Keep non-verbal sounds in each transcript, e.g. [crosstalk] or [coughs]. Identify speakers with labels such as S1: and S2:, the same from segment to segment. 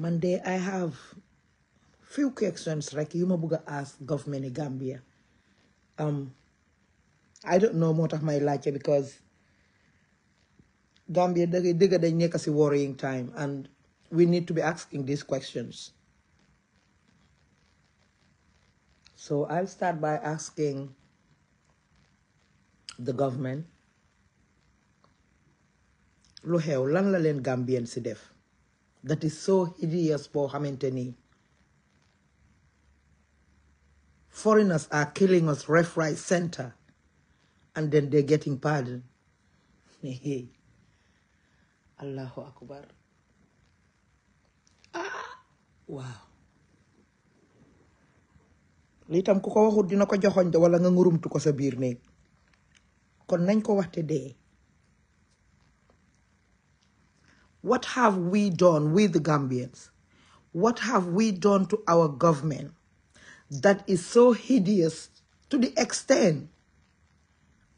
S1: Monday, I have few questions like you might bëgg asked ask government in Gambia um I don't know moo tax may laajte because Gambia dëgg dëgg dañ worrying time and we need to be asking these questions so I'll start by asking the government lu xew lan la leen Gambien si def that is so hideous for Hamenteni. Foreigners are killing us left, right, center, and then they're getting pardoned. [laughs] Allahu Akbar. Ah, wow. li tam ku ko waxut wala nga ngurumtu ko sa biir néeg kon dee What have we done, we the Gambians? What have we done to our government that is so hideous to the extent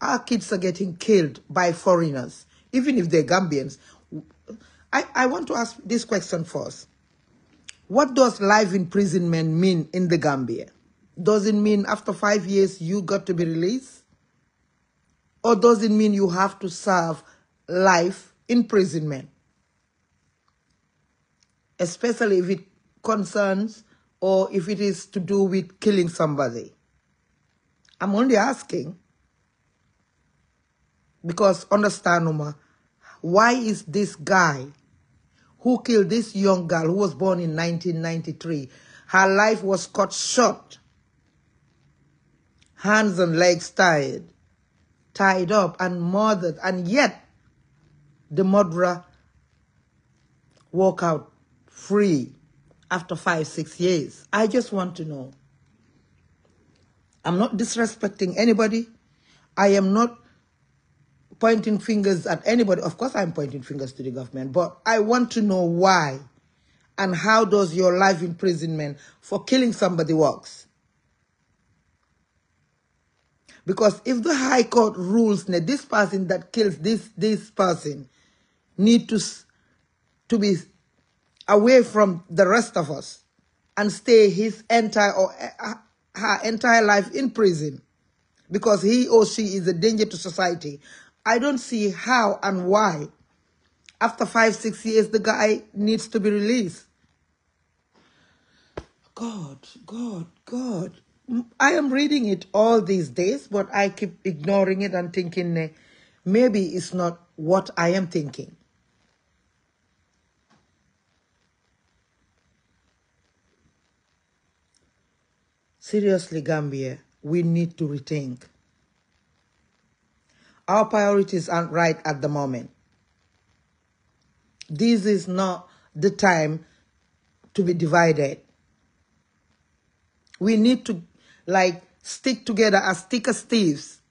S1: our kids are getting killed by foreigners, even if they're Gambians? I, I want to ask this question first. What does life imprisonment mean in the Gambia? Does it mean after five years you got to be released? Or does it mean you have to serve life imprisonment? especially if it concerns or if it is to do with killing somebody. I'm only asking because understand, Uma, why is this guy who killed this young girl who was born in 1993, her life was cut short, hands and legs tied, tied up and murdered, and yet the murderer walk out free after five, six years? I just want to know. I'm not disrespecting anybody. I am not pointing fingers at anybody. Of course, I'm pointing fingers to the government, but I want to know why and how does your life imprisonment for killing somebody works. Because if the High Court rules that this person that kills this, this person need to, to be away from the rest of us and stay his entire or uh, her entire life in prison because he or she is a danger to society. I don't see how and why after five, six years, the guy needs to be released. God, God, God. I am reading it all these days, but I keep ignoring it and thinking, maybe it's not what I am thinking. Seriously, Gambia, we need to rethink. Our priorities aren't right at the moment. This is not the time to be divided. We need to, like, stick together as thick as thieves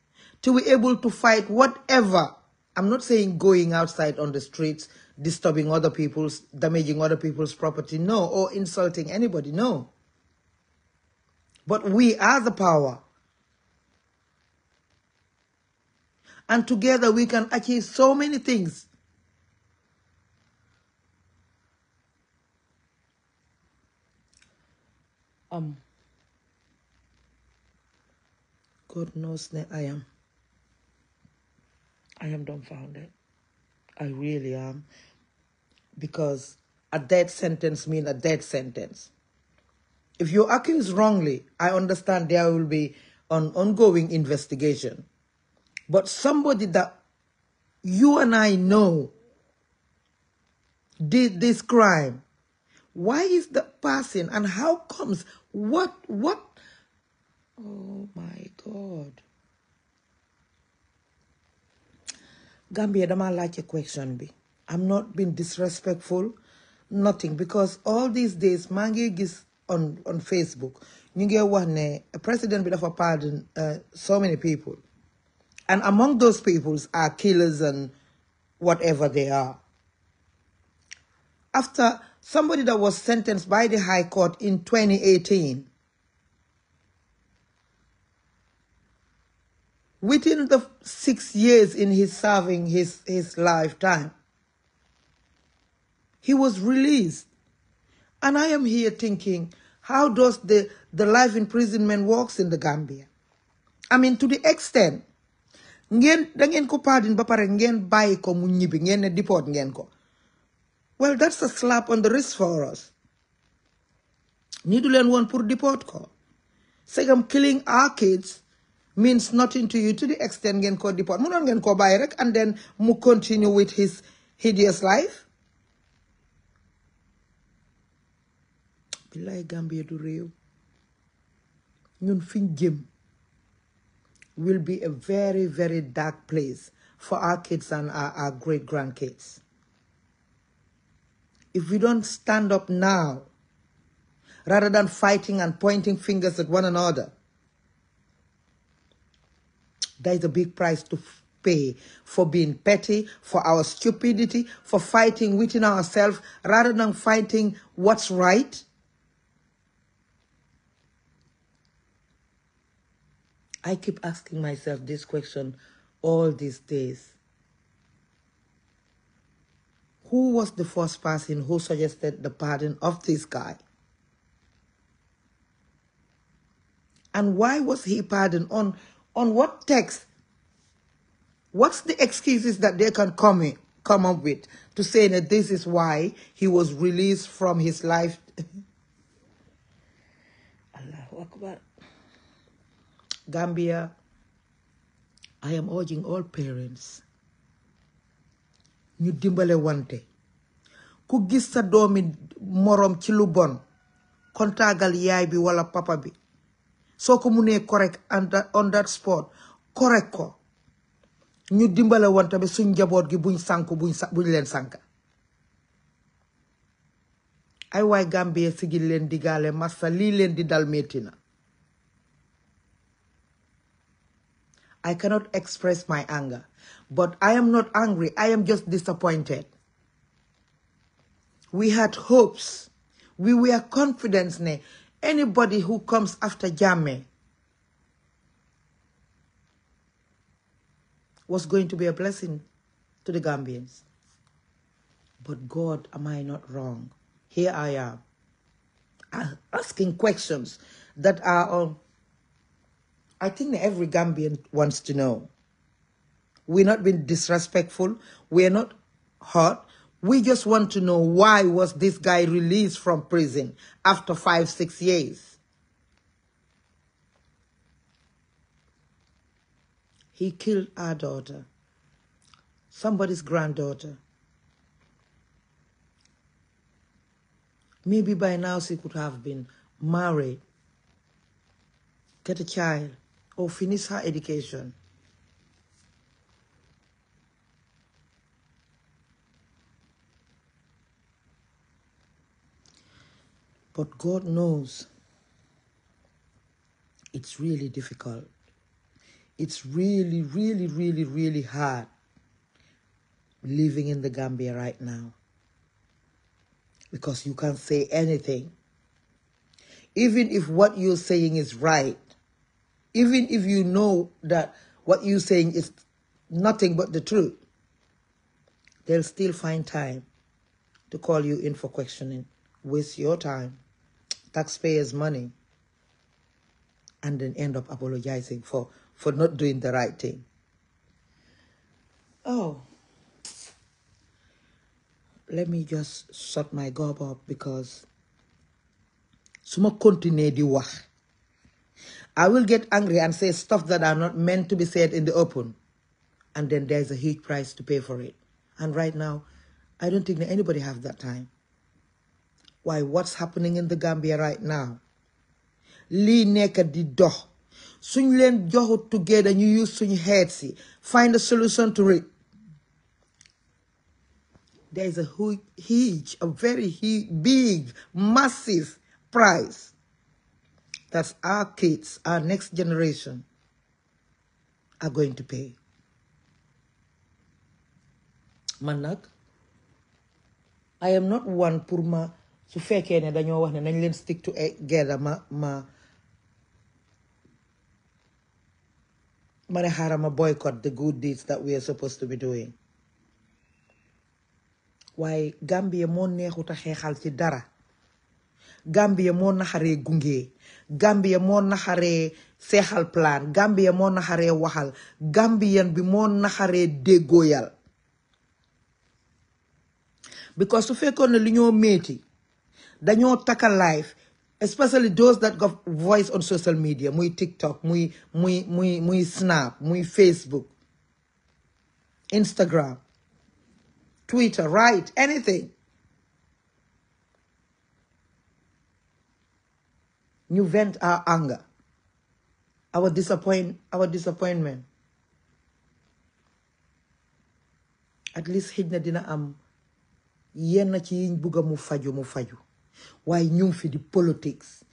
S1: to be able to fight whatever. I'm not saying going outside on the streets, disturbing other people's, damaging other people's property, no, or insulting anybody, no but we are the power. And together we can achieve so many things. Um, God knows that I am. I am dumbfounded. I really am. Because a death sentence means a death sentence. If you're accused wrongly, I understand there will be an ongoing investigation. But somebody that you and I know did this crime, why is that person and how comes? What, what? Oh my God. Gambia, don't like a question be. I'm not being disrespectful, nothing, because all these days, mangi is on on Facebook ñu ngi president bi dafa pardon uh, so many people and among those peoples are killers and whatever they are after somebody that was sentenced by the High Court in 2018 within the six years in his serving his, his lifetime, he was released. And I am here thinking, how does the, the life imprisonment works in the Gambia? I mean, to the extent, pardon deport well that's a slap on the wrist for us ñi du leen put deport ko segam killing our kids means nothing to you to the extent ngeen ko deport mënoon ngeen ko and then mu continue with his hideous life billaay Gambie du ñun fiñ jëm will be a very very dark place for our kids and our, our great grandkids if we don't stand up now rather than fighting and pointing fingers at one another there is a big price to pay for being petty, for our stupidity, for fighting within ourselves rather than fighting what's right. I keep asking myself this question all these days. Who was the first person who suggested the pardon of this guy? And why was he pardoned? On, on what text? What's the excuses that they can come, in, come up with to say that this is why he was released from his life? [laughs] Allahu Akbar. Gambia, I am urging all parents ñu dimbale ku gis sa doomi moroom ci lu bon kontaagal yaay bi walla papa bi soo ko munee correct on that spot correct ko ñu dimbale wante bi suñ njaboot gi buñ sànku buñ leen sànka ay waay Gambie sigil leen digaale massa lii leen di dal metti na I cannot express my anger. But I am not angry. I am just disappointed. We had hopes. We were confident. Anybody who comes after Jame was going to be a blessing to the Gambians. But God, am I not wrong? Here I am asking questions that are on. Um, I think every Gambian wants to know. We're not being disrespectful. We're not hurt. We just want to know why was this guy released from prison after five, six years. He killed our daughter, somebody's granddaughter. Maybe by now she could have been married, get a child or finish her education. But God knows it's really difficult. It's really, really, really, really hard living in the Gambia right now because you can't say anything. Even if what you're saying is right, even if you know that what you're saying is nothing but the truth, they'll still find time to call you in for questioning. Waste your time, taxpayers' money, and then end up apologizing for, for not doing the right thing. Oh, let me just shut my gob up because suma continuer di I will get angry and say stuff that are not meant to be said in the open. And then there's a huge price to pay for it. And right now, I don't think that anybody have that time. Why, what's happening in the Gambia right now? Li neka di doh. Suñ len joxut together ñu use suñ heads Find a solution to it. There is a huge, a very huge, big, massive price that's our kids, our next generation are going to pay. Manak, I am not one purma ma su fekkee ne dañoo wax ne nañ leen stick together ma ma ma ne xaaral boycott the good deeds that we are supposed to be doing Why Gambia moo neexut a xeexal ci dara Gambia moo naxaree gunge Gambia moo naxaree seexal plan Gambia moo naxaree waxal Gambian bi moo naxaree déggooyal because su fekkoon ne li ñoo métti take taka life, especially those that got voice on social media muy TikTok muy muy muy muy Snap muy Facebook Instagram Twitter right anything you vent our anger, our disappoint, our disappointment. at least xëj na dina am yenn ci yiñ bugg a mu faju mu faju fi di politics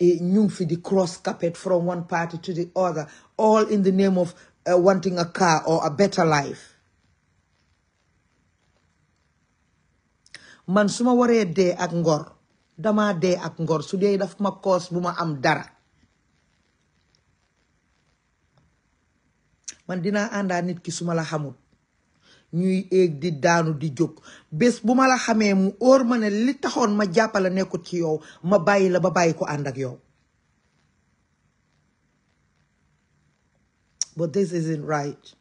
S1: et ñu fi di cross carpet from one party to the other all in the name of uh, wanting a car or a better life man su ma waree ak ngor dama dé ak ngor su dee daf ma koos bu ma am dara man dinaa àndaa nit ki su la xamul ñuy éeg di daanu di jóg bés bu la xamee mu óor ma ne li taxoon ma jàppale nekkut ci yow ma bàyyi ba bàyyi ànd ak yow but this isn't right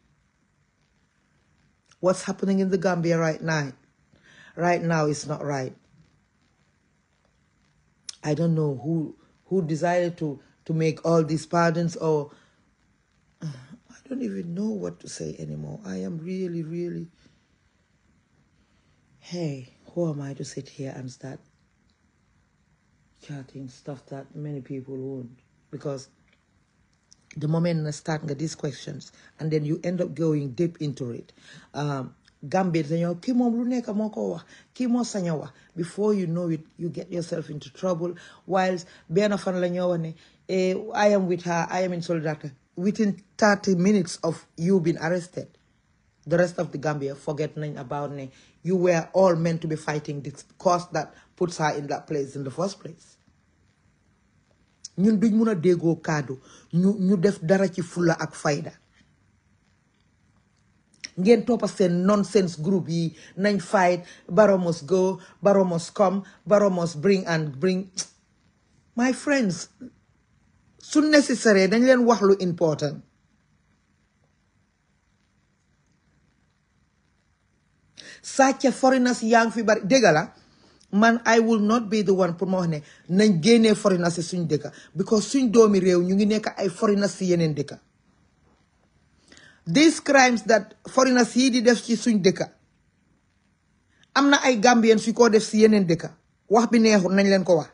S1: what's happening in the Gambia right now right now is not right I don't know who who decided to to make all these pardons or I don't even know what to say anymore. I am really, really. Hey, who am I to sit here and start chatting stuff that many people won't? Because the moment I start get these questions, and then you end up going deep into it. Um, Gambia dañoo kii moom lu nekk moo wax wax before you know it you get yourself into trouble while benn fan la ñoo ne I am with her I am in solidarity within thirty minutes of you being arrested the rest of the Gambia forget nañ about ne you were all meant to be fighting this cause that puts her in that place in the first place ñun duñ mun a ñu ñu def dara ci fulla ak fayda ngeen toppa seen nonsense group yi nañ fight baro must go Baro must come Baro must bring and bring my friends su necessary dañ leen wax lu important sàcca foreigners young. ngi fi bari dégg man I will not be the one pour ma wax ne nañ génnee foreigners si suñ because suñ do réew ñu ngi nekk ay foreigners si deka these crimes that foreigners yii di def ci suñ dëkka am na ay Gambien su ko def si yeneen dëkka wax bi neexul nañ leen ko wax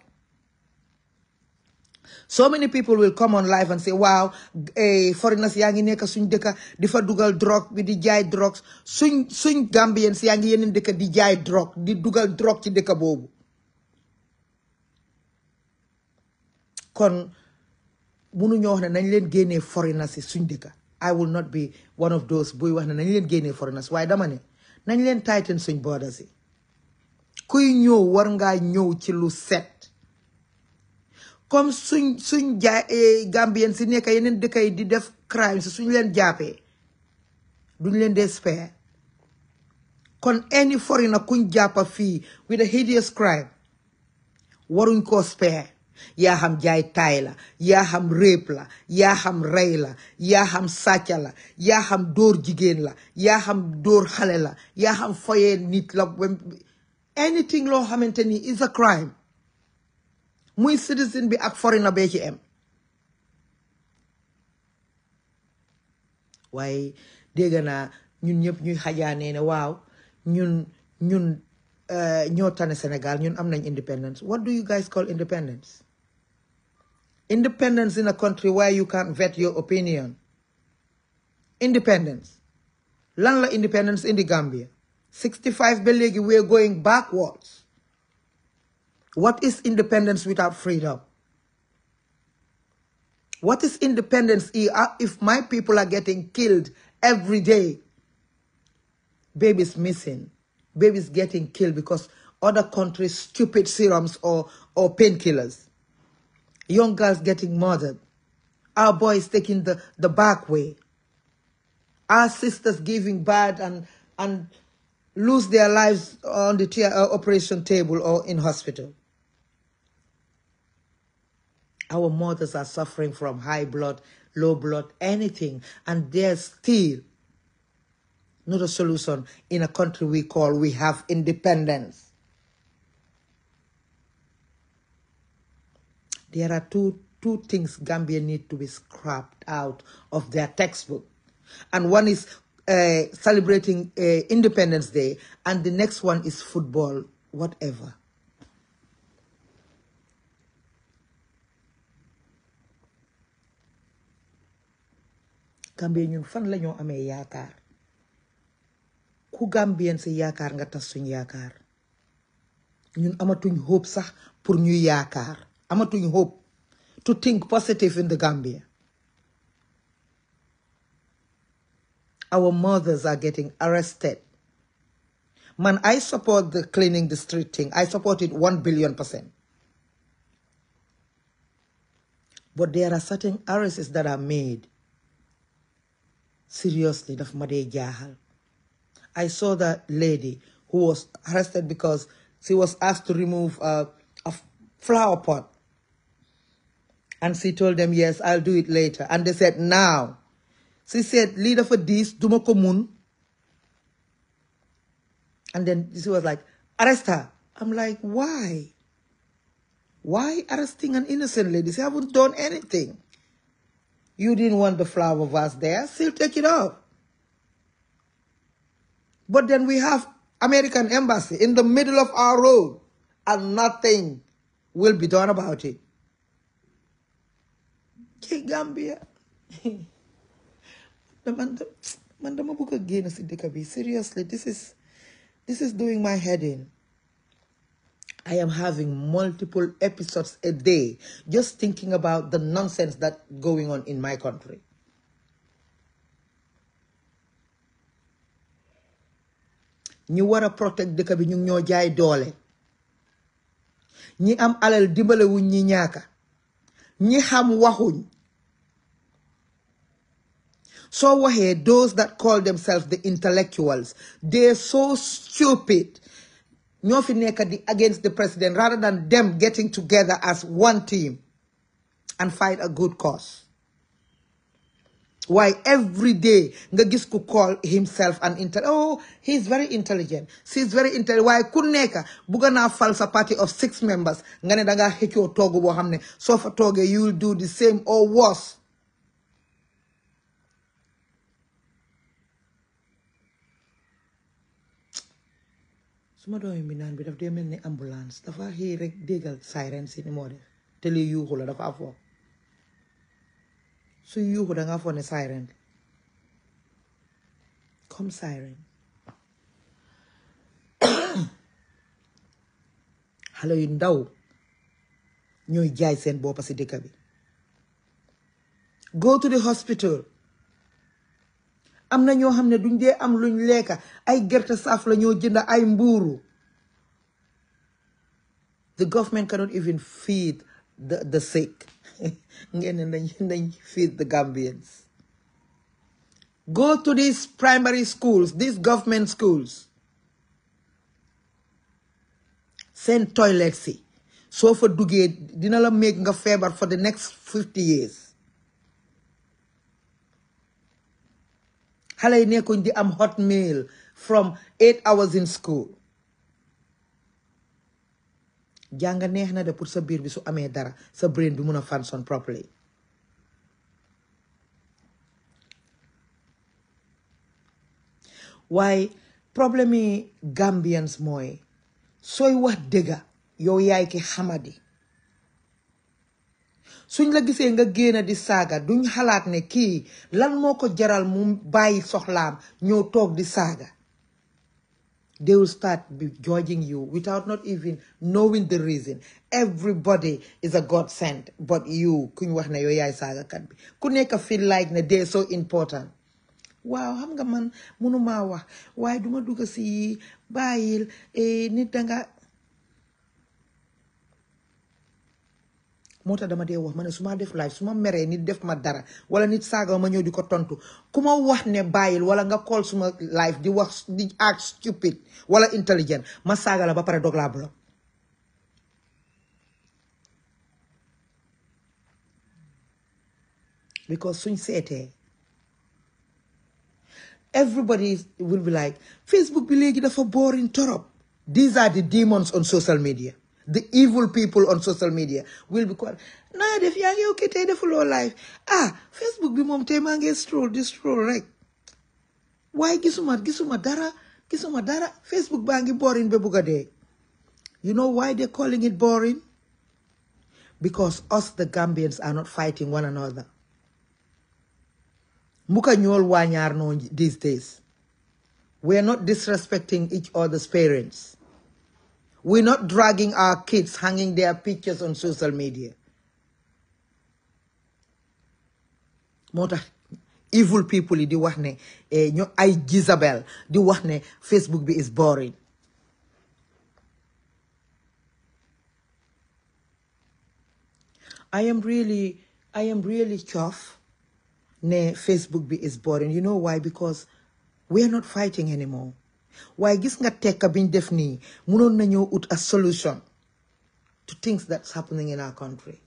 S1: so many people will come on live and say waaw eh, foreigners yaa ngi nekk suñ dëkka di fa dugal drogue bi di jaay drogue suñ suñ Gambien si yaa ngi yeneen dëkka di jaay drogue di dugal drogue ci dëkka boobu kon mënuñoo wax ne nañ leen génne foreigners si suñ dëkka I will not be one of those buy wax ne nañ leen génnee foreigners waaye dama ne nañ leen tighten suñ borders yi kuy ñëw war ngaa ñëw ci lu set comme suñ suñ jaa eh, Gambien si nekk yeneen dëkk yi di def crime si suñ leen jàppee duñ leen dee spare kon any foreigner kuñ jàppa fii with a hideous crime waruñ koo spare Yaham xam jaay taay la yaa xam réep la yaa xam rey la yaa xam sàcca la yaa anything loo xamante is a crime muy citizen be ak foreigner bee ci em waaye dégg naa ñun ñëpp ñuy xajaanee ne waaw ñun ñun eh, ñoo tane Sénégal ñun am independence what do you guys call independence Independence in a country where you can't vet your opinion. Independence. Land independence in the Gambia. Sixty-five billion. we're going backwards. What is independence without freedom? What is independence uh, if my people are getting killed every day? Babies missing. Babies getting killed because other countries' stupid serums or, or painkillers. Young girls getting murdered. Our boys taking the, the back way. Our sisters giving bad and, and lose their lives on the uh, operation table or in hospital. Our mothers are suffering from high blood, low blood, anything, and there's still not a solution in a country we call we have independence. There are two, two things Gambia need to be scrapped out of their textbook. And one is uh, celebrating uh, Independence Day, and the next one is football, whatever. Gambia ñun fan la ñoo amee yaakaar ku Gambien si yaakaar nga tas suñ yaakaar ñun amatuñ hope sax pour ñuy yaakaar I'm not doing hope to think positive in the Gambia. Our mothers are getting arrested. Man, I support the cleaning the street thing. I support it 1 billion percent. But there are certain arrests that are made. Seriously, Nafmade Jahal. I saw that lady who was arrested because she was asked to remove uh, a, a flower pot and she told them, yes, I'll do it later. And they said, now. She said, leader for this, Dumo Komun. And then she was like, arrest her. I'm like, why? Why arresting an innocent lady? She haven't done anything. You didn't want the flower vase there. She'll take it off. But then we have American embassy in the middle of our road and nothing will be done about it. Gambia. [laughs] Mandama book again Sidikabi. Seriously, this is this is doing my head in. I am having multiple episodes a day just thinking about the nonsense that's going on in my country. ñi war protect dëkk bi ñu ngi ñoo jaay doole ñi am alal dimbalewuñ ñi ñaaka ñi xam So soo those that call themselves the intellectuals they are so stupid ñoo against the president rather than them getting together as one team and fight a good cause why every day nga gis call himself an intel oh he's very intelligent she's very intelligent Why ku nekk bugg naa fal sa party of six members nga ne dangaa xëccoo So boo xam you will do the same or worse suma do bi naan bi daf dee mel ambulance dafa xëy rek déggal siren si ni moo def te lii yuuxu dafa afoo su yuuxu danga on ne siren comme siren xale [coughs] yu ndaw ñooy jaay seen boppa si dëkk bi go to the hospital am na ñoo xam ne duñ dee am luñ lekka ay gerte saaf la ñoo jënd ay mbuuru the government cannot even feed the the sick then [laughs] feed the Gambians. Go to these primary schools, these government schools. Send toilets so for fa duggee dina la meeg nga feebar for the next fifty years xale yi am hot meal from eight hours in school Jangan neex na de pour sa bir bi su amé dara sa brain bi mëna function properly Why problème Gambians moy soy wax dega yow yaay ki xamadi suñ la gisé nga gëna di saga duñ xalaat ne ki lan moko jaral mu bayyi soxlaam ñoo tok di saga they will start judging you without not even knowing the reason everybody is a god sent but you kuñ wax ne yow yaay saagakat bi ku nekk feel like they're so important Wow, xam nga man mënumaa Why do duma dugg si bàyyil eh, nit danga motax dama dé wax mané suma def live suma méré nit def ma dara wala nit saga ma ñew diko tontu kuma wax né bayil wala nga call suma live di wax di act stupid wala intelligent ma saga la ba paré dog la bu because suñ sété everybody will be like facebook bi légui dafa boring torop these are the demons on social media the evil people on social media will be quiet naa def yaa ngi ok tey defuloo ah facebook be moom tey maa ngi stroll this stroll right. Why gisuma gisuma dara gisuma dara facebook bangi boring ba bugg you know why they are calling it boring because us the Gambians are not fighting one another Muka ñool waa no these days we are not disrespecting each other's parents we're not dragging our kids hanging their pictures on social media. Mother, evil people yi di ne eh, ay Jezebel di wax ne Facebook is boring I am really I am really chuff ne Facebook be is boring you know why because we are not fighting anymore why gis nga tekka biñ def nii mënoon nañoo a solution to things that's happening in our country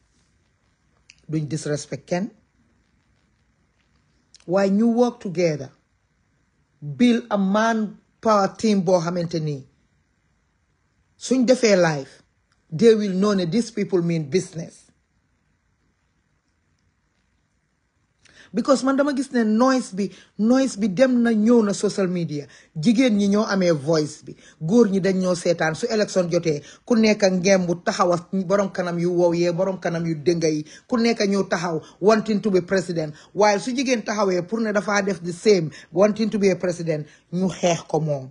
S1: duñ disrespect Ken? Why ñu work together build a man power team boo xamante nii suñ life. live they will know that these people mean business because man dama gis ne noise bi noise bi dem na ñëw na social media jigéen ñi ñoo amee voice bi góor ñi dañ ñoo seetaan su élection jotee ku nekk bu taxawa borom kanam yu wow yee borom kanam yu dënga yi ku nekk ñëw taxaw wanting bi be president waaye su jigéen taxawee pour ne dafaa def the same wanting to president ñu xeex ko moom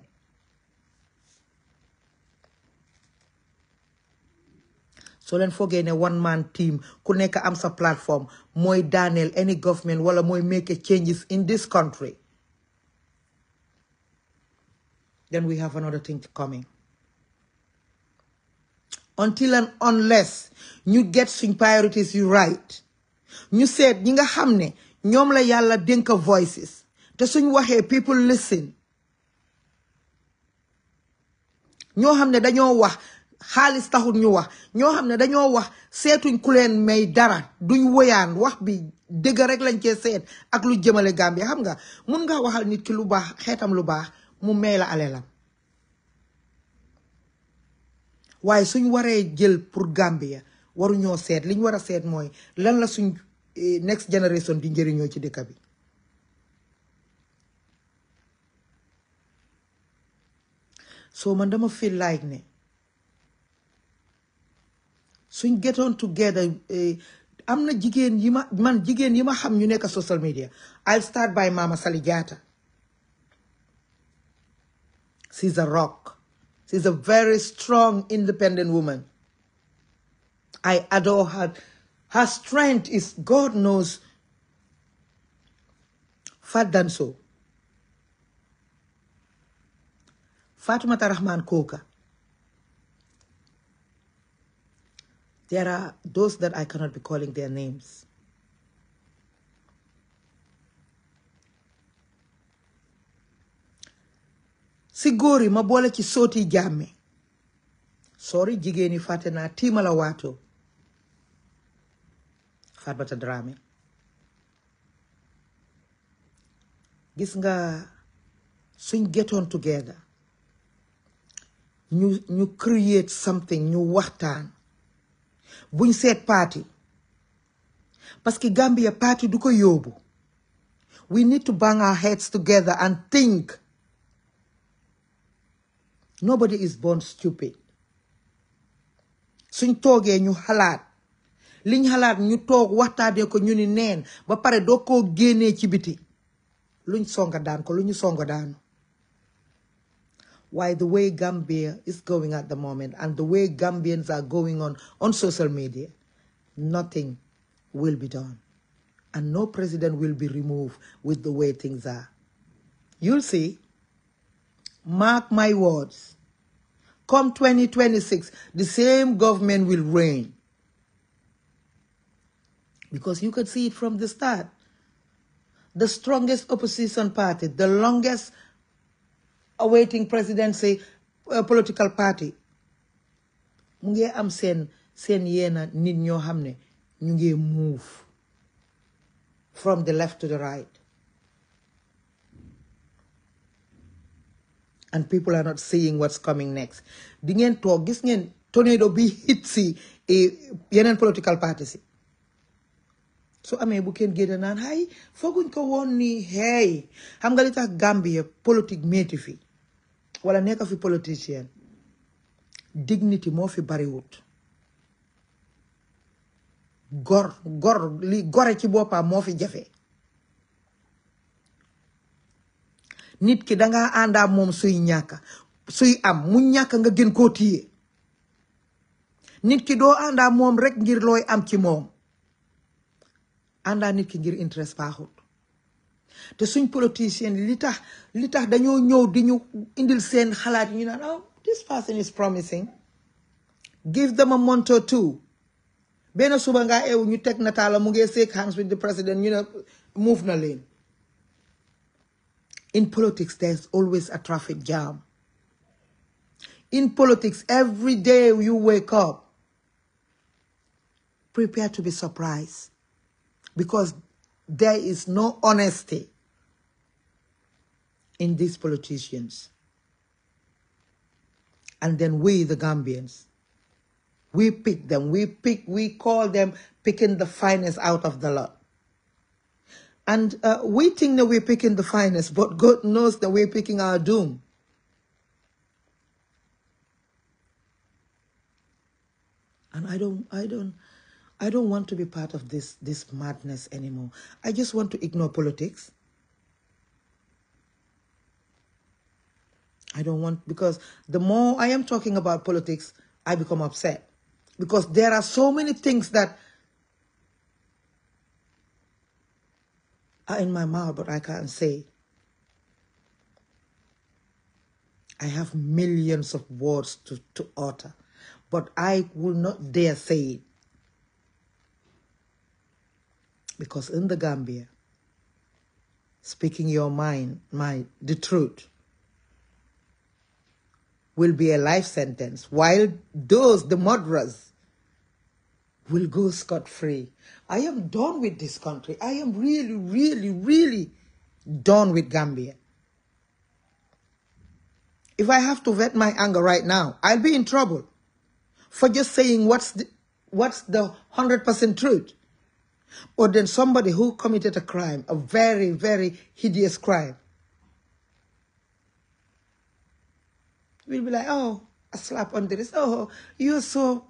S1: So leen foogee ne one man team ku nekk am sa plateforme mooy any government wala Moy make a changes in this country then we have another thing coming until and unless you get some priorities you right You said, ñi nga nyomla ne ñoom la yàlla dénk voices te suñ hear people listen ñoo xam ne dañoo wax xaalis taxul ñu wax ñoo xam ne dañoo wax seetuñ ku leen may dara duñ woyaan wax bi dëgg rek lañ cee seet ak lu jëmale Gambie xam nga mun nga waxal nit ki lu baax xeetam lu baax mu may la alelam waaye suñ waree jël pour Gambia waruñoo seet liñ war a seet mooy lan la suñ eh, next generation di njëriñoo ci dëkk bi soo man dama feel like ne suñ on together eh, am na jigéen You ma man jigéen yi ma xam ñu nekk social media I'll start by Mama Sally she's a rock she's a very strong independent woman I adore her her strength is God knows than so. Fatoumata Tarahman Koka There are those that I cannot be calling their names. Sigori, góor ma boole ci jàmme sori jigéen ñi fàtte naa tiimala waatoo Farbata Dramé gis nga suñ together You create something work waxtaan buñ seet parti parce que Gambia parti du ko yóbbu we need to bang our heads together and think nobody is born stupid suñ toogee ñu xalaat liñ xalaat ñu toog waxtaanee ko ñu ni neen ba pare doo koo génnee ci biti luñ songa daan ko lu ñu songa daanu why the way Gambia is going at the moment and the way Gambians are going on on social media, nothing will be done. And no president will be removed with the way things are. You'll see. Mark my words. Come 2026, the same government will reign. Because you could see it from the start. The strongest opposition party, the longest awaiting presidency uh, political party mu ngi am sen sen yena nit ñoo xam ne ñu ngi move from the left to the right and people are not seeing what's coming next di ngeen toog gis ngeen tornado bi hit si eh, yeneen political party si su amee bu kenn génn naan ay fooguñ ko woon nii hey xam nga li gàmbi Gambie politique métti fi wala nekk fi politicien dignity moo fi bariwut gor gor li gore ci boppam moo fi jafe nit ki danga àndaa moom suy ñàkk suy am mu ñàkk nga gën koo téye nit ki doo àndaa moom rek ngir looy am ci moom àndaa nit ki ngir interest baaxut te suñ politicien li tax li tax dañoo ñëw di ñu indil seen xalaat yi ñu naan oh this person is promising give them a month or two benn suba nga eew ñu teg nataala mu ngi shake hands with the president ñu ne move na leen in politics there's always a traffic jam in politics every day you wake up prepare to be surprised because there is no honesty in these politicians. And then we, the Gambians, we pick them. We pick, we call them picking the finest out of the lot. And uh, we think that we're picking the finest, but God knows that we're picking our doom. And I don't, I don't, I don't want to be part of this, this madness anymore. I just want to ignore politics. I don't want, because the more I am talking about politics, I become upset. Because there are so many things that are in my mouth, but I can't say. I have millions of words to, to utter, but I will not dare say it because in the Gambia, speaking your mind, my the truth, will be a life sentence, while those, the murderers, will go scot-free. I am done with this country. I am really, really, really done with Gambia. If I have to vent my anger right now, I'll be in trouble for just saying what's the, what's the 100% truth or then somebody who committed a crime, a very, very hideous crime. will be like, oh, a slap on the wrist. Oh, you're so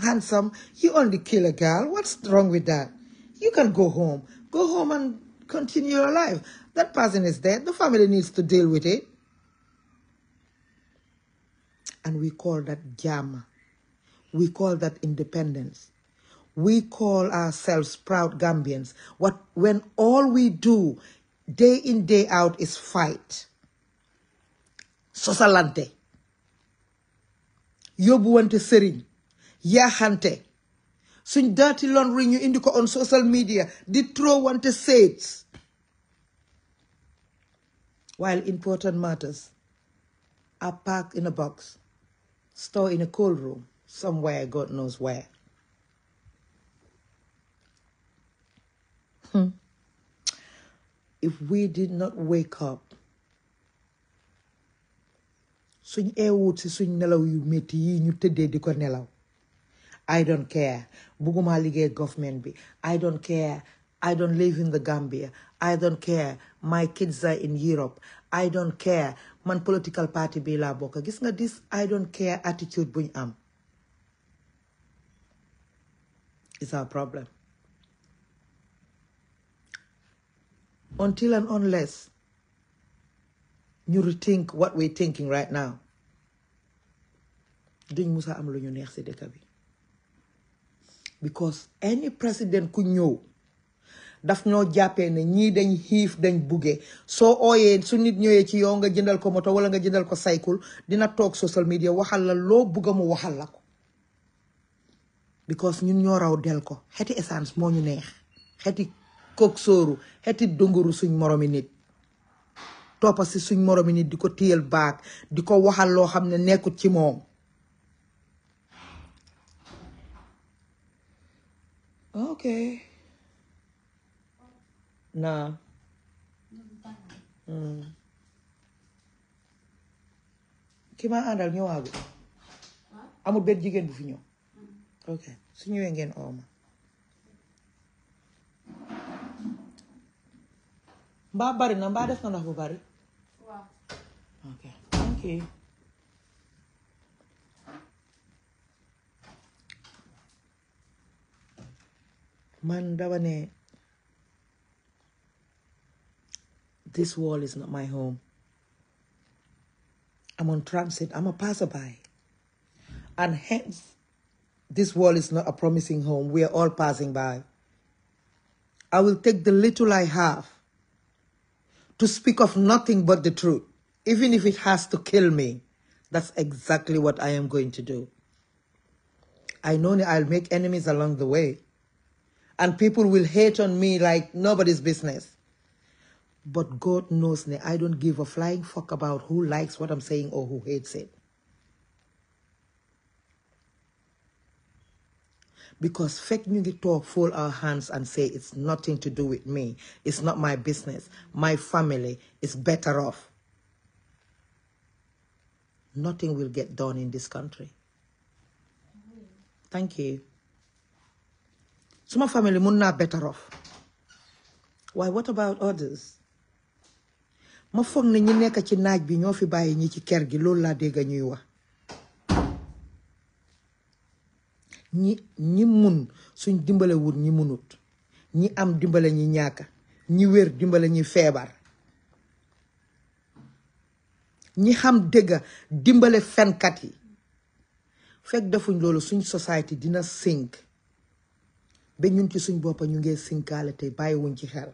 S1: handsome. You only kill a girl. What's wrong with that? You can go home. Go home and continue your life. That person is dead. The family needs to deal with it. And we call that gamma. We call that independence we call ourselves proud Gambians. What when all we do day in day out is fight. Sosalante. yóbbuwante sëriñ yaaxante suñ dirty laundry ñu indi ko on social media di wante seeds while important matters are packed in a box stored in a cold room somewhere God knows where Mm-hmm. if we did not wake up suñ eewut si suñ nelaw yu métti yi ñu tëddee di ko nelaw I don't care bugguma liggéey government bi I don't care I don't live in the Gambia I don't care my kids are in Europe I don't care man political party bi la bokk gis nga this I don't care attitude buñ am it's our problem until and unless ñu rethink what we're thinking right now duñ musa am lu ñu neex ci dëkk bi because any president ku ñëw daf ñoo jàppee ne ñii dañ xiif dañ buggee soo ooyee su nit ñëwee ci yow nga jëndal ko moto wala nga jëndal ko cycle dina toog social media waxal la loo bugga mu waxal la ko because ñun ñoo raw del ko xeti essence moo ñu neex xeeti kook sóoru xeti dunguru suñ moromi nit toppa si suñ moromi nit di ko téyal baag di ko waxal loo xam ne nekkut ci moom ok na mm. ki ma àndal ñëwaagu amul benn jigéen bu fi ñëw hmm. ok su ñëwee ngeen ooma mbaa bari na mbaa def na ok thank you man dama this wall is not my home I'm on transit I'm a passerby and hence this wall is not a promising home. We are all passing by. I will take the little I have to speak of nothing but the truth, even if it has to kill me. That's exactly what I am going to do. I know I'll make enemies along the way, and people will hate on me like nobody's business. But God knows me. I don't give a flying fuck about who likes what I'm saying or who hates it. because fake news talk fall fold our hands and say it's nothing to do with me it's not my business my family is better off nothing will get done in this country thank you suma family mun better off why what about others ma foog ne ñi nekk ci naaj bi ñoo fi bàyyi ñi ci kër gi loolu laa dégg ñuy wax ñi ñi mun suñ dimbalewut ñi munut ñi am dimbale ñi ñàkka ñi wér dimbale ñi feebar ñi xam dëgga dimbale fenkat yi fekk defuñ loolu suñ society dina sink ba ñun ci suñ boppa ñu ngee sinkaale te bàyyiwuñ ci xel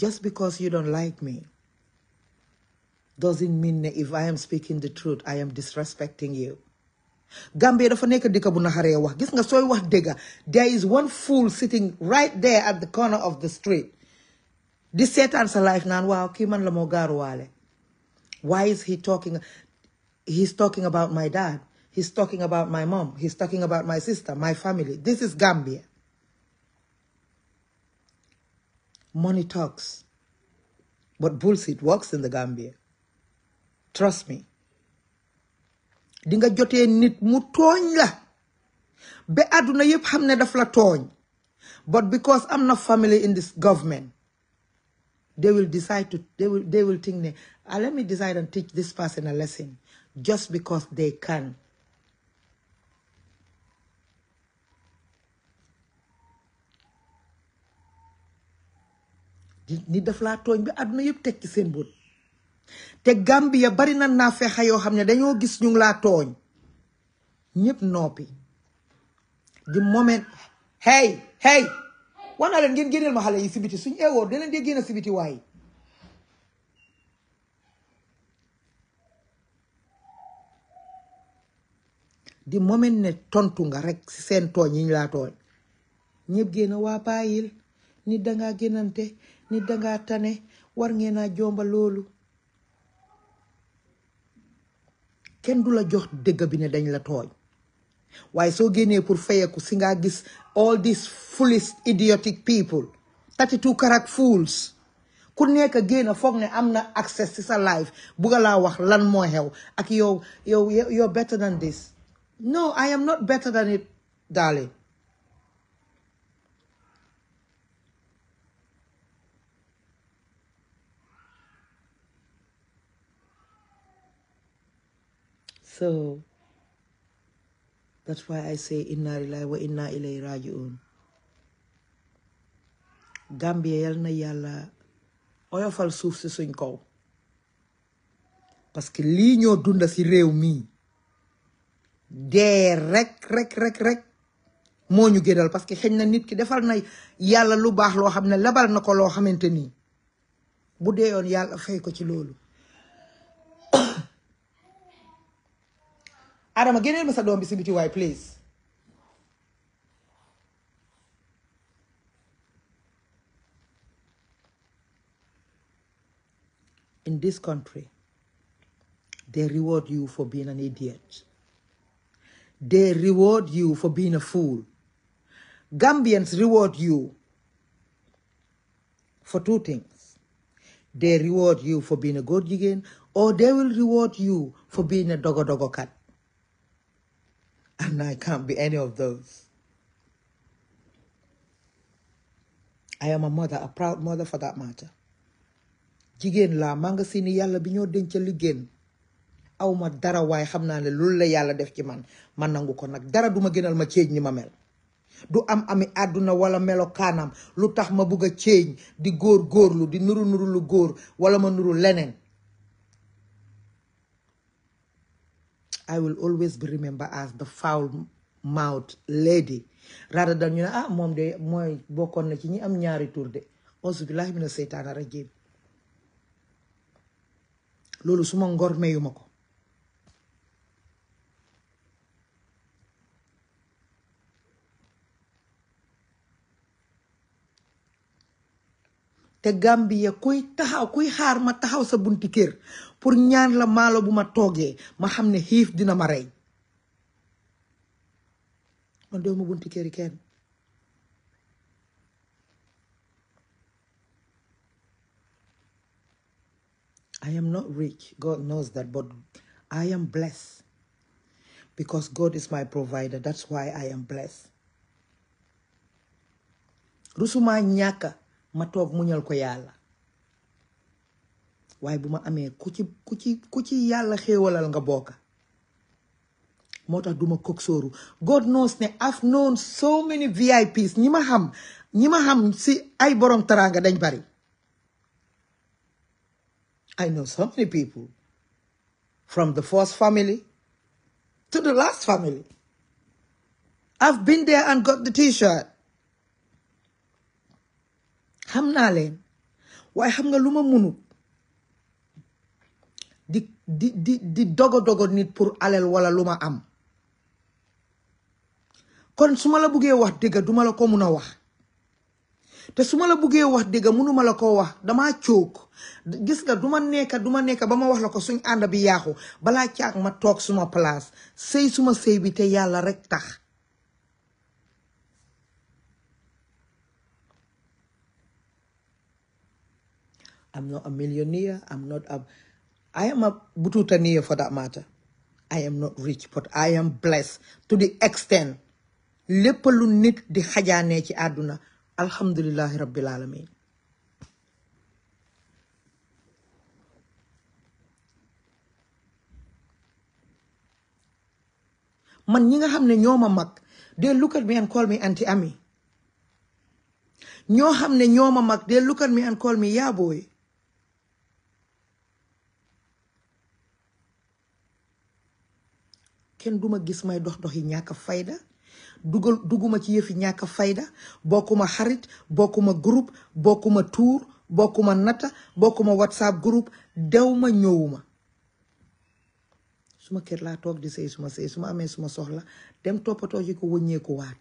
S1: just because you don't like me doesn't mean if I am speaking the truth I am disrespecting you. Gambia dafa nekk dëkk bu naxaree wax gis nga sooy wax dëgg there is one fool sitting right there at the corner of the street di seetaan sa life naan waaw man la why is he talking he's talking about my dad he's talking about my mom he's talking about my sister my family this is Gambia money talks but bullshit works in the Gambia trust me di nga jotee nit mu tooñ la ba ne daf la but because i am not family in this government they will decide to they will they will think ah, let me decide and teach this person a lesson just because they can nit daf laa tooñ bi àdduna yëpp teg ci seen bët te Gambia bari na naa fexe yoo xam ne dañoo gis ñu ngi laa tooñ ñëpp noppi di moment hey hey wax naa leen ngeen génneel ma xale yi si biti suñ eewoo da dee génn si biti waaye di moment ne tontu nga rekk si seen tooñ yi ñu laa tooñ ñëpp génn waa bàyyil nit dangaa génnante nit dangaa tane war ngeen a jomba loolu kenn du la jox dëgg bi ne dañ la tooñ waaye soo génnee pour fayeku si nga gis all these foolish idiotic people thirty-two karat fools ku nekk génn foog ne am na access ci sa life bugga laa wax lan moo xew ak yow yow you're better than this no I am not better than it darling So that's why I say inna lillahi wa inna ilayhi raji'un. Gambia yalna na yàlla oyofal souf ci suñ ko parce que li ñoo dunda ci réew mi dee rek rek rek rek mo ñu gëdal parce que xëñ na nit ki defal na yalla lu baax lo xam labal na lo xamanteni bu déyon yalla fay ko ci Adam again help us don't please. In this country, they reward you for being an idiot. They reward you for being a fool. Gambians reward you for two things. They reward you for being a good again, or they will reward you for being a dog or dog or cat. And I can't be any of those. I am a mother, a proud mother for that matter. Jigen la manga nga ni yàlla bi ñoo dencal liggéen aw dara waaye xam le ne la yàlla def ci man man nangu ko dara duma gënal ma ceeñ ni ma mel du am ami wala melo kanam tax ma bugg a di gor gorlu di nuru nuru lu wala ma nuru lenen. I will always be remembered as the foul mouth lady rather than ne ah moom de mooy bokkoon na ci ñi am ñaari tur de auzu billahi mina seytaana a loolu suma ngor mayu ma ko te Gambia kuy taxaw kuy xaar ma taxaw sa bunti kër pour ñaan la maalo bu ma toogee ma xam ne xiif dina ma rey man doomu bunti kër kenn I am not rich. God knows that, but I am blessed because God is my provider. That's why I am blessed. Rusuma nyaka ma ko yàlla ku ci ku ci ku ci yàlla xéewalal nga duma God knows ne I've known so many VIPs Nima xam ñi xam ay borom taranga dañ bari I know so many people from the first family to the last family I've been there and got the t-shirt xam naa leen waaye xam nga lu ma mënut di di di di dogo dogo nit pour alal wala lu ma am kon su ma la buggee wax dëgg duma la ko mun a wax te su ma la buggee wax dëgg mënuma la ko wax damaa coog gis nga duma nekka duma nekka ba ma wax la ko suñ ànd bi yaaxu balaa caag ma toog suma place sëy suma sëy bi te yàlla rek tax I'm not a millionaire. I'm not a, I am a bututaneer for that matter. I am not rich, but I am blessed to the extent. lépp lu nit di xajaanee ci àdduna alhamdulillahi rabbil alamin man ñi nga xam ne mag they look at me and call me Auntie ami ñoo xam ne mag they look at me and call me yaa boy. kenn duma gis may dox dox yi ñàkk fayda dugal dugguma ci yëfi ñàkk fayda bokkuma xarit bokkuma groupe bokkuma tuur bokkuma nata bokkuma whatsapp groupe ma ñëwuma suma kër laa toog di sëy suma sëy suma amee suma soxla dem toppatoo ci ko wëññeeku waat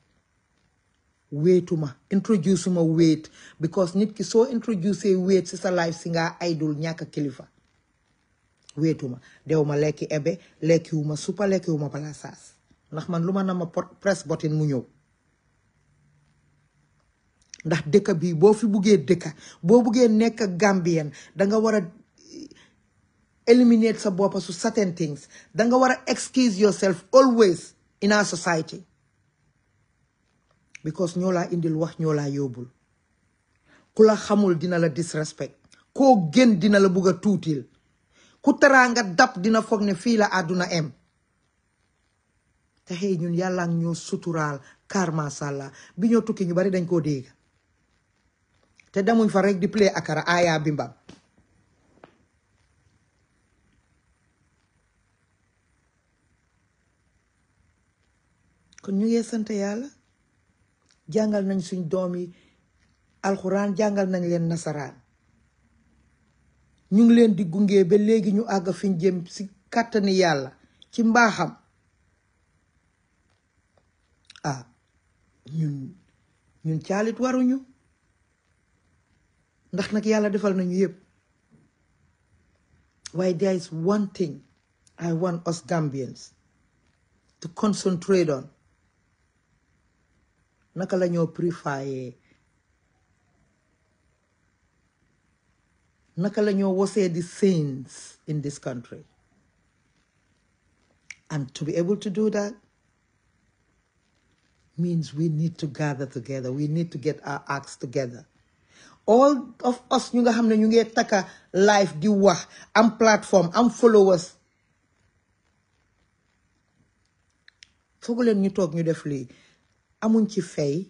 S1: wéetuma introduce suma wéet because nit ki soo introduce wéet si sa life si ngaa aydul ñàkk kilifa Wetuma, dewma lekki ebe wuma supa wuma bala sas ndax man luma nama press button pot presse botin mu ñew ndax deka bi bo fi bugge deka bo bugge nek gambien da nga wara eh, eliminate sa bopp su certain things da nga wara excuse yourself always in our society because ñoo laa indil wax ñoo laa yóbbul xamul dina la disrespect ko gen dina la buga tutil. ku teraanga dab dina foog ne fii la àdduna em te xëy ñun yàlla ak ñoo suturaal kar masàlla bi ñoo tukki ñu bari dañ koo dégg te demuñ fa rek di play akara aya bi kon ñu ngi sant yàlla jàngal nañ suñ doom yi alxuraan jàngal nañ leen nasaraan ñu ngi leen di gunge ba léegi ñu àgg fiñ jëm ci kàttani yàlla ci mbaaxam ah ñu ñun caalit waruñu ndax nag yàlla defal nañu yëpp waaye there is one thing I want us Gambians to concentrate on naka la ñoo préféré Nakalanyo was ñoo the saints in this country and to be able to do that means we need to gather together we need to get our acts together all of us ñu nga xam ne ñu ngee takka am platform am followers foogu ñu toog ñu def lii amuñ ci fay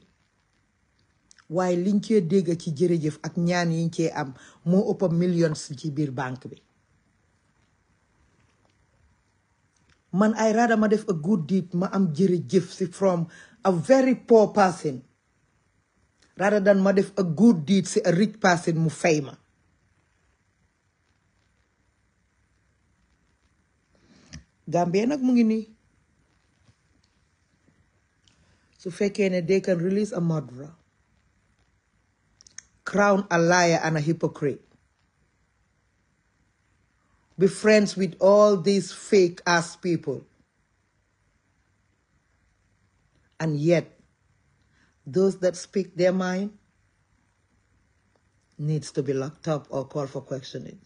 S1: waaye liñ ci dégg ci jërëjëf ak ñaan yiñ ci am mo ëpp millions ci biir bank bi man ay rada ma def a good deed ma am jërëjëf si from a very poor person rather than ma def a good deed si a rich person mu fay ma Gambia nak mu ngi ni su fekkee ne they kan release a murderer crown a liar and a hypocrite. Be friends with all these fake ass people. And yet, those that speak their mind needs to be locked up or called for questioning.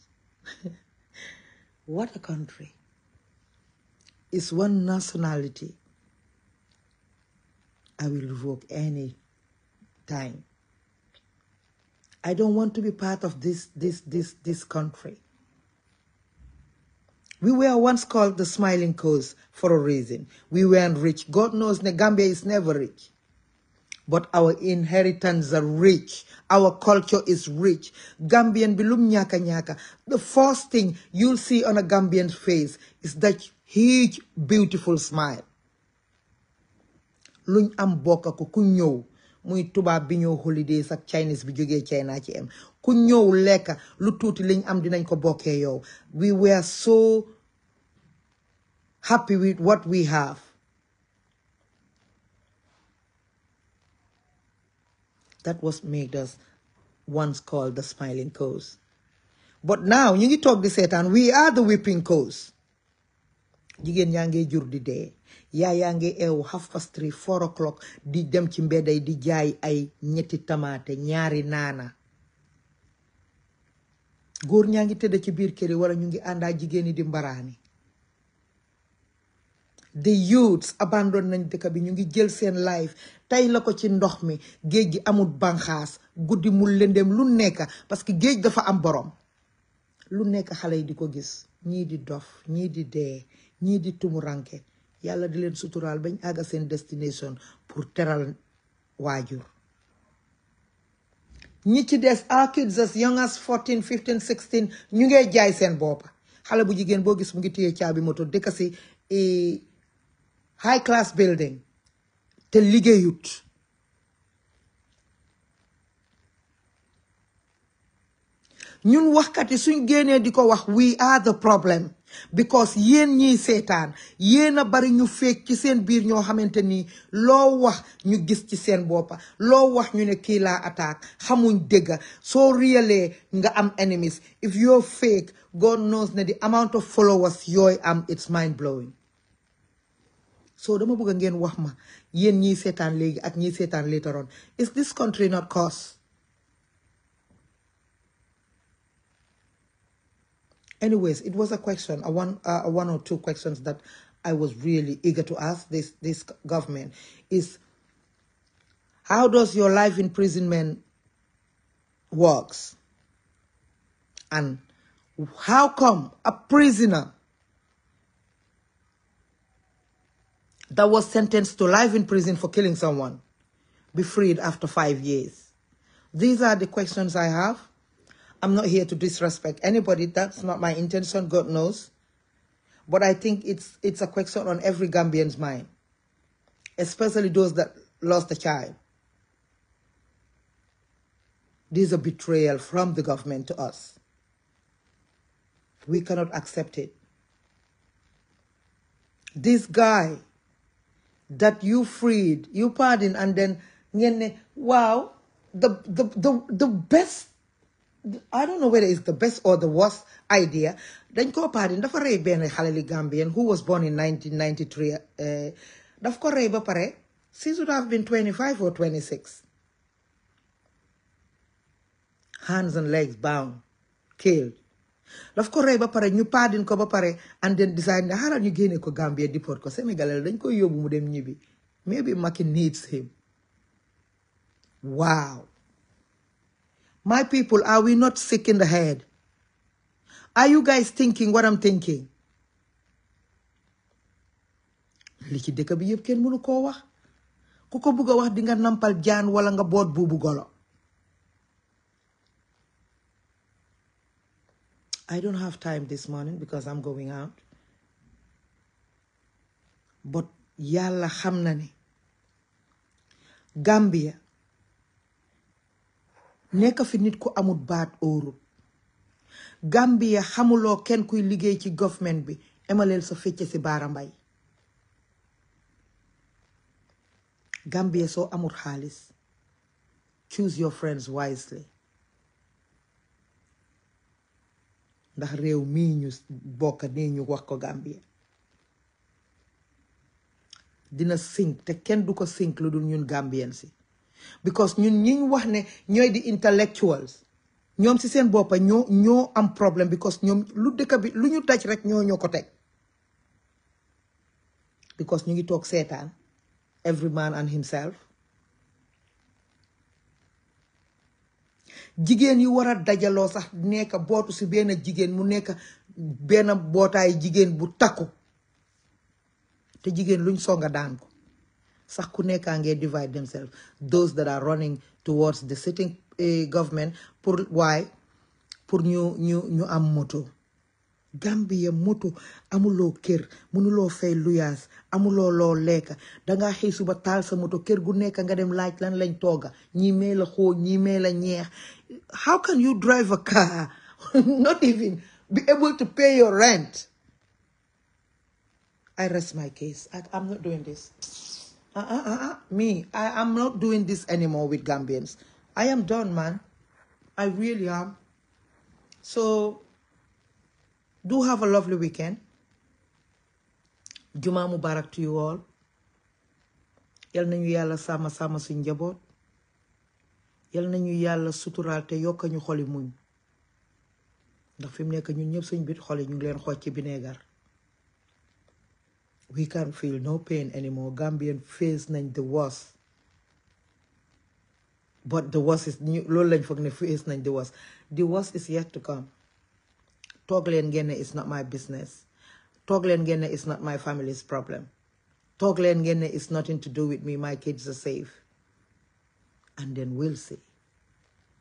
S1: [laughs] what a country. It's one nationality. I will revoke any time. I don't want to be part of this, this, this, this country. We were once called the smiling coast for a reason. We weren't rich. God knows Gambia is never rich. But our inheritance are rich. Our culture is rich. Gambian bilum nyaka nyaka. The first thing you'll see on a Gambian face is that huge, beautiful smile. Luñ am bokka ko ku ñew muy holidays ak Chinese bi China ci ku ñëw lu liñ am dinañ ko yow we were so happy with what we have that was made us once called the smiling coast but now ñu ngi this di and we are the weeping coast jigéen ñaa ngee jur di dee yaay yaa ngi eewu half past three four o'clock di dem ci mbedday di jaay ay ñetti tamaate ñaari naana góor ñaa ngi tëdd ci biir kër yi wala ñu ngi àndaa jigéen yi di mbaraani di youths abandon nañ dëkk bi ñu ngi jël seen life tey la ko ci ndox mi géej gi amul banqaas guddi mu lëndem lu nekk parce que géej dafa am boroom lu nekk xale yi di ko gis ñii di dof ñii di dee ñi di ranké yalla di leen sutural bañ aga sen destination pour téral wajur ñi ci dess our kids as young as 14 15 16 ñu ngay jaay sen boppa xala bu jigen bo gis mu ngi moto e high class building te liggéeyut ñun wax kat suñu génnee diko wax we are the problem because yéen ni seetaan yéen a bari ñu feek ci seen biir ni loo wax ñu gis ci seen boppa loo wax ñu ne hamu laa So xamuñ dëgga soo nga am enemies if you're fake God knows na the amount of followers yooy am it's mind blowing so dama bëgg ngeen wax ma yéen ni seetaan léegi ak ni seetaan later on is this country not cause Anyways, it was a question, a one, uh, a one or two questions that I was really eager to ask this this government is how does your life imprisonment works and how come a prisoner that was sentenced to life in prison for killing someone be freed after five years? These are the questions I have. I'm not here to disrespect anybody. That's not my intention, God knows. But I think it's it's a question on every Gambian's mind, especially those that lost a child. This is a betrayal from the government to us. We cannot accept it. This guy that you freed, you pardon, and then wow, the the the, the best I don't know whether it's the best or the worst idea Then go paa dafa rey benn xale li Gambien who was born in 1993 daf uh, ko rey ba pare she should have been 25 or 26 hands and legs bound killed daf ko rey ba pare ñu paadin ko ba pare and then decide ne xaaral ñu génne ko Gambia deport ko Sénégalais dañ koy yóbbu mu dem ñibbi maybe Macky needs him Wow. My people, are we not sick in the head? Are you guys thinking what I'm thinking? bi wax wax di nga nampal jaan wala nga golo I don't have time this morning because I'm going out but yàlla xam na Gambia nekk fi nit ku amul baat óorul Gambia xamuloo kenn kuy liggéey ci government bi emaleel sa fecce si Bara Mbaye Gambia soo amul xaalis choose your friends wisely ndax réew mii ñu bokk nii ñu wax ko Gambia dina sink te kenn du ko sink lu dul ñun Gambien si because ñun ñi wax ne ñoy di intellectuals ñom ci seen bop ño ño am problem because ñom lu dekk bi lu ñu kotek, rek ño ñoo ko because ñu ngi tok setan every man and himself Jigen yu wara dajalo sax neka botu ci ben jigen mu neka ben botay jigen bu takku te jigen luñ songa daan ko Sakuneka and get divide themselves. Those that are running towards the sitting uh, government, pour, why? Pour new new new am moto. Gambia moto amuloo kër mënuloo fay luyaas amuloo loo lekka dangaa xëy suba taal sa moto kër gu nekk nga dem laaj lan lañ toga. Ni mee la ni ñii ñeex how can you drive a car [laughs] not even be able to pay your rent I rest my case I, I'm not doing this uh, uh, uh, uh, me, I am not doing this anymore with Gambians. I am done, man. I really am. So, do have a lovely weekend. Juma Mubarak to you all. Yal nañu yàlla sama sama suñ njaboot yal nañu yàlla suturaal te yokk ñu xoli muñ ndax fi mu nekk ñun ñëpp suñ bit xoli ñu leen xooj ci we can feel no pain anymore. Gambian face nang the worst. But the worst is new lowland for foog face nañ the worst. The worst is yet to come. Toglen leen is not my business. Toglen leen is not my family's problem. Toglen leen is nothing to do with me. My kids are safe. And then we'll see.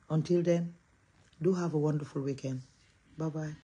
S1: Until then, do have a wonderful weekend. Bye-bye.